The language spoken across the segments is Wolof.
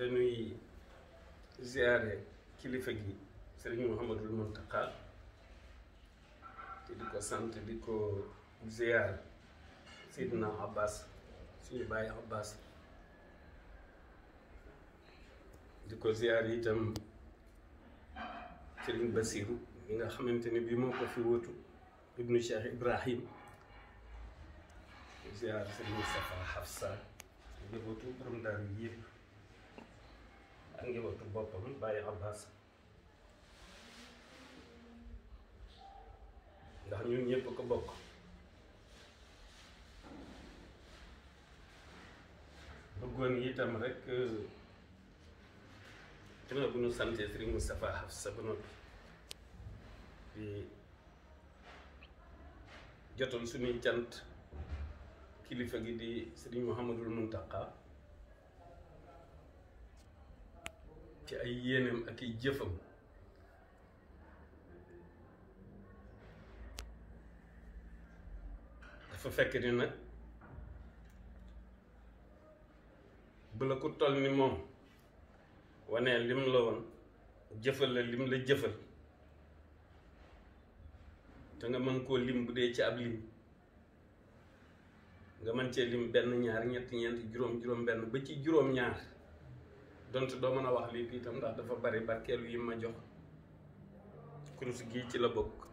dañuy ziare kilifa gi sëriñ Mouhamadul Mountakha te di ko sant di ko ziare Seydina Abbas suñu bàyyi Abbas di ko ziare itam sëriñ Basiru mi nga xamante ni bii moo ko fi wóotu ibnu Cheikh Ibrahim ziare sëriñ Moustapha Hafsa njabootu borom daal yëpp ak boppam bàyyi Abbas ndax ñun ñëpp ko bokk bëggoon itam rek ginnaaw bu ñu sante Serigne Moustapha Hafsa ba noppi di jotal suñuy cant kilifa gi di Serigne Mouhamadul Mountakha ci ay yéeneem ak i jëfam dafa fekk ni nag bu la ku toll ni moom wanee lim la woon jëfal la lim la jëfal te nga mën koo lim bu dee ci ab lim nga mën cee lim benn ñaar ñett ñeent juróom juróom benn ba ci juróom ñaar donte do meuna a wax lépp itam ndax dafa bari barkeelu yi ma jox kurus gi ci la bok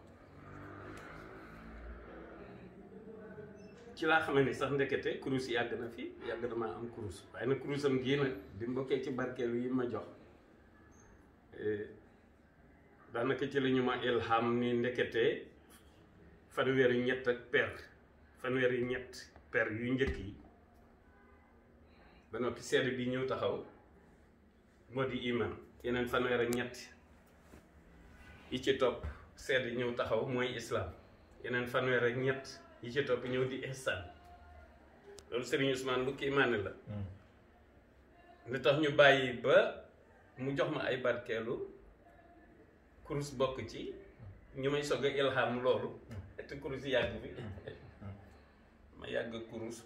ci la xamee sax ndekete kurus yag na fi yàgg na maa am kurus na nag kurusam gi nag bi mu ci barkeelu yi ma jox euh da naka ci liñuma ilham ni ndekete fanweeri ñett ak per fanweeri ñett per yu njëkk yi ba nopi sédd bi ñëw taxaw modi iman yenen fanweer ak ñett yi ci topp sedd ñew taxaw moy islam yenen fanweer ak ñett yi ci top ñew di ihsan lolu Serigne Ousmane lu iman la ni hmm. tax ñu bayyi ba mu jox ma ay barkelu kurus bok ci ñu may soga ilham lolu hmm. et kurus yàgg bi hmm. ma yàgg kurus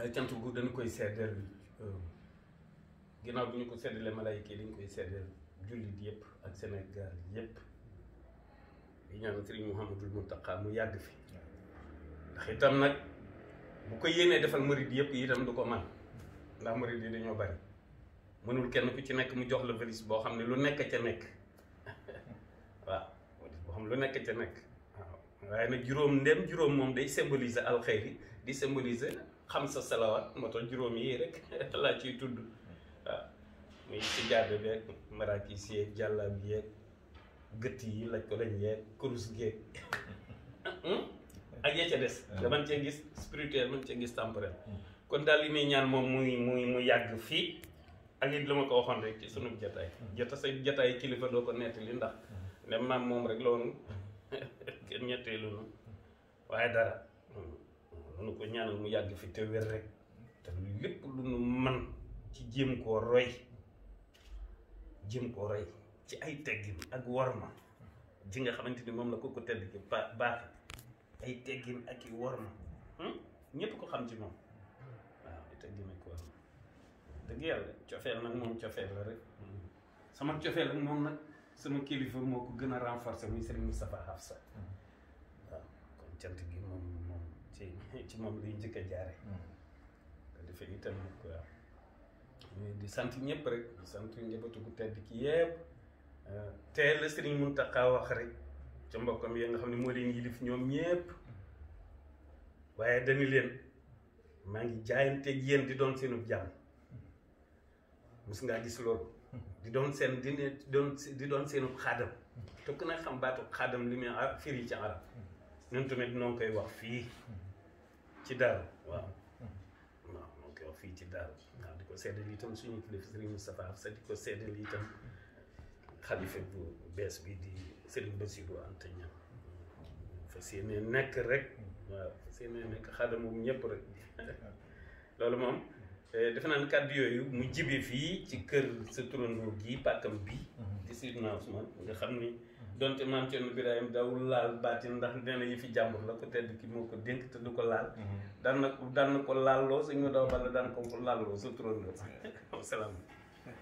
ay cant gu dañ koy euh, ginnaaw bi ñu ko seddalee malayka yi dañ koy seddal jullit yëpp ak Sénégal yëpp di ñaan Sëriñ Mouhamadul Mountakha mu yàgg fi ndax itam nag bu ko yéenee defal murid yëpp itam du ko man ndax murid yi dañoo bari mënul kenn ku ci nekk mu jox la valise boo xam ne lu nekk ca nekk waaw boo xam lu nekk ca nekk waaw waaye nag juróom ndem juróom moom day symboliser alxeyri di symboliser xam sa salawaat moo tax juróom yi rek laa ciy tudd waaw muy si jaabe beeg maraakis yeeg jàllaab yeeg gëtt yi laj ko lañ yeeg kurus geeg ak yee ca des nga mën cee gis spirituel mën cee gis temporel kon daal li muy ñaan moom muy muy mu yàgg fii ak it la ma ko waxoon rek ci sunu jataay jota sa jataay kilifa doo ko nettali ndax ne maam moom rek la woon kenn ñetteelu nu waaye dara nu ko ñaanal mu yàgg fi te wér rek te lépp lu nu man ci jëm ko roy jëm ko roy ci ay teggin ak worma ji nga xamanteni mom la ko ko tedd ci baax ay teggin ak i worma hmm? ñepp ko xam ci mom waaw ay teggin ak worma dëgg yàlla cofeel nag moom cofeel la rek sama cofeel ak mom nak sama kilifa moko gëna renforcer muy Serigne Moustapha Hafsa kon cant gi moom moom ci ci moom lay njëkk a jaare te hmm. itam nag di sant ñep rek di sant njabootu gu tedd ki yeb euh, te la sëriñ Muntaxa wax rek ci mbokam ya nga xamni mo leen yilif ñom ñep waye dañu leen ma ngi ak yeen di doon seenu jàmm mus nga gis lool di doon seen di doon di doon seenu xadam te ku ne xam baatu xadam limi ar firi ci arab ñun tamit non koy wax fi ci daal waaw fii ci daaru waaw di ko seddal itam suñu kilifa Serigne Moustapha sa di ko seddal itam xalifa bu bees bi di Serigne Bassirou Anta Niang fas yéene nekk rek waaw fas yéene nekk xaadamum ñëpp rek loolu moom eh, defe naa ne kàddu yooyu mu jibe fii ci kër sa turandoo gi pàkkam bi mhm. di Seydina Ousmane nga xam ni donte maam Cerno Birahim dawul laal baatin ndax nee yi fi jàmbur la ko tedd ki moo ko dénk te du ko laal mhm. daan na daan na ko laalloo suñ ma daw balla daan ko laalloo sa turandoo salaam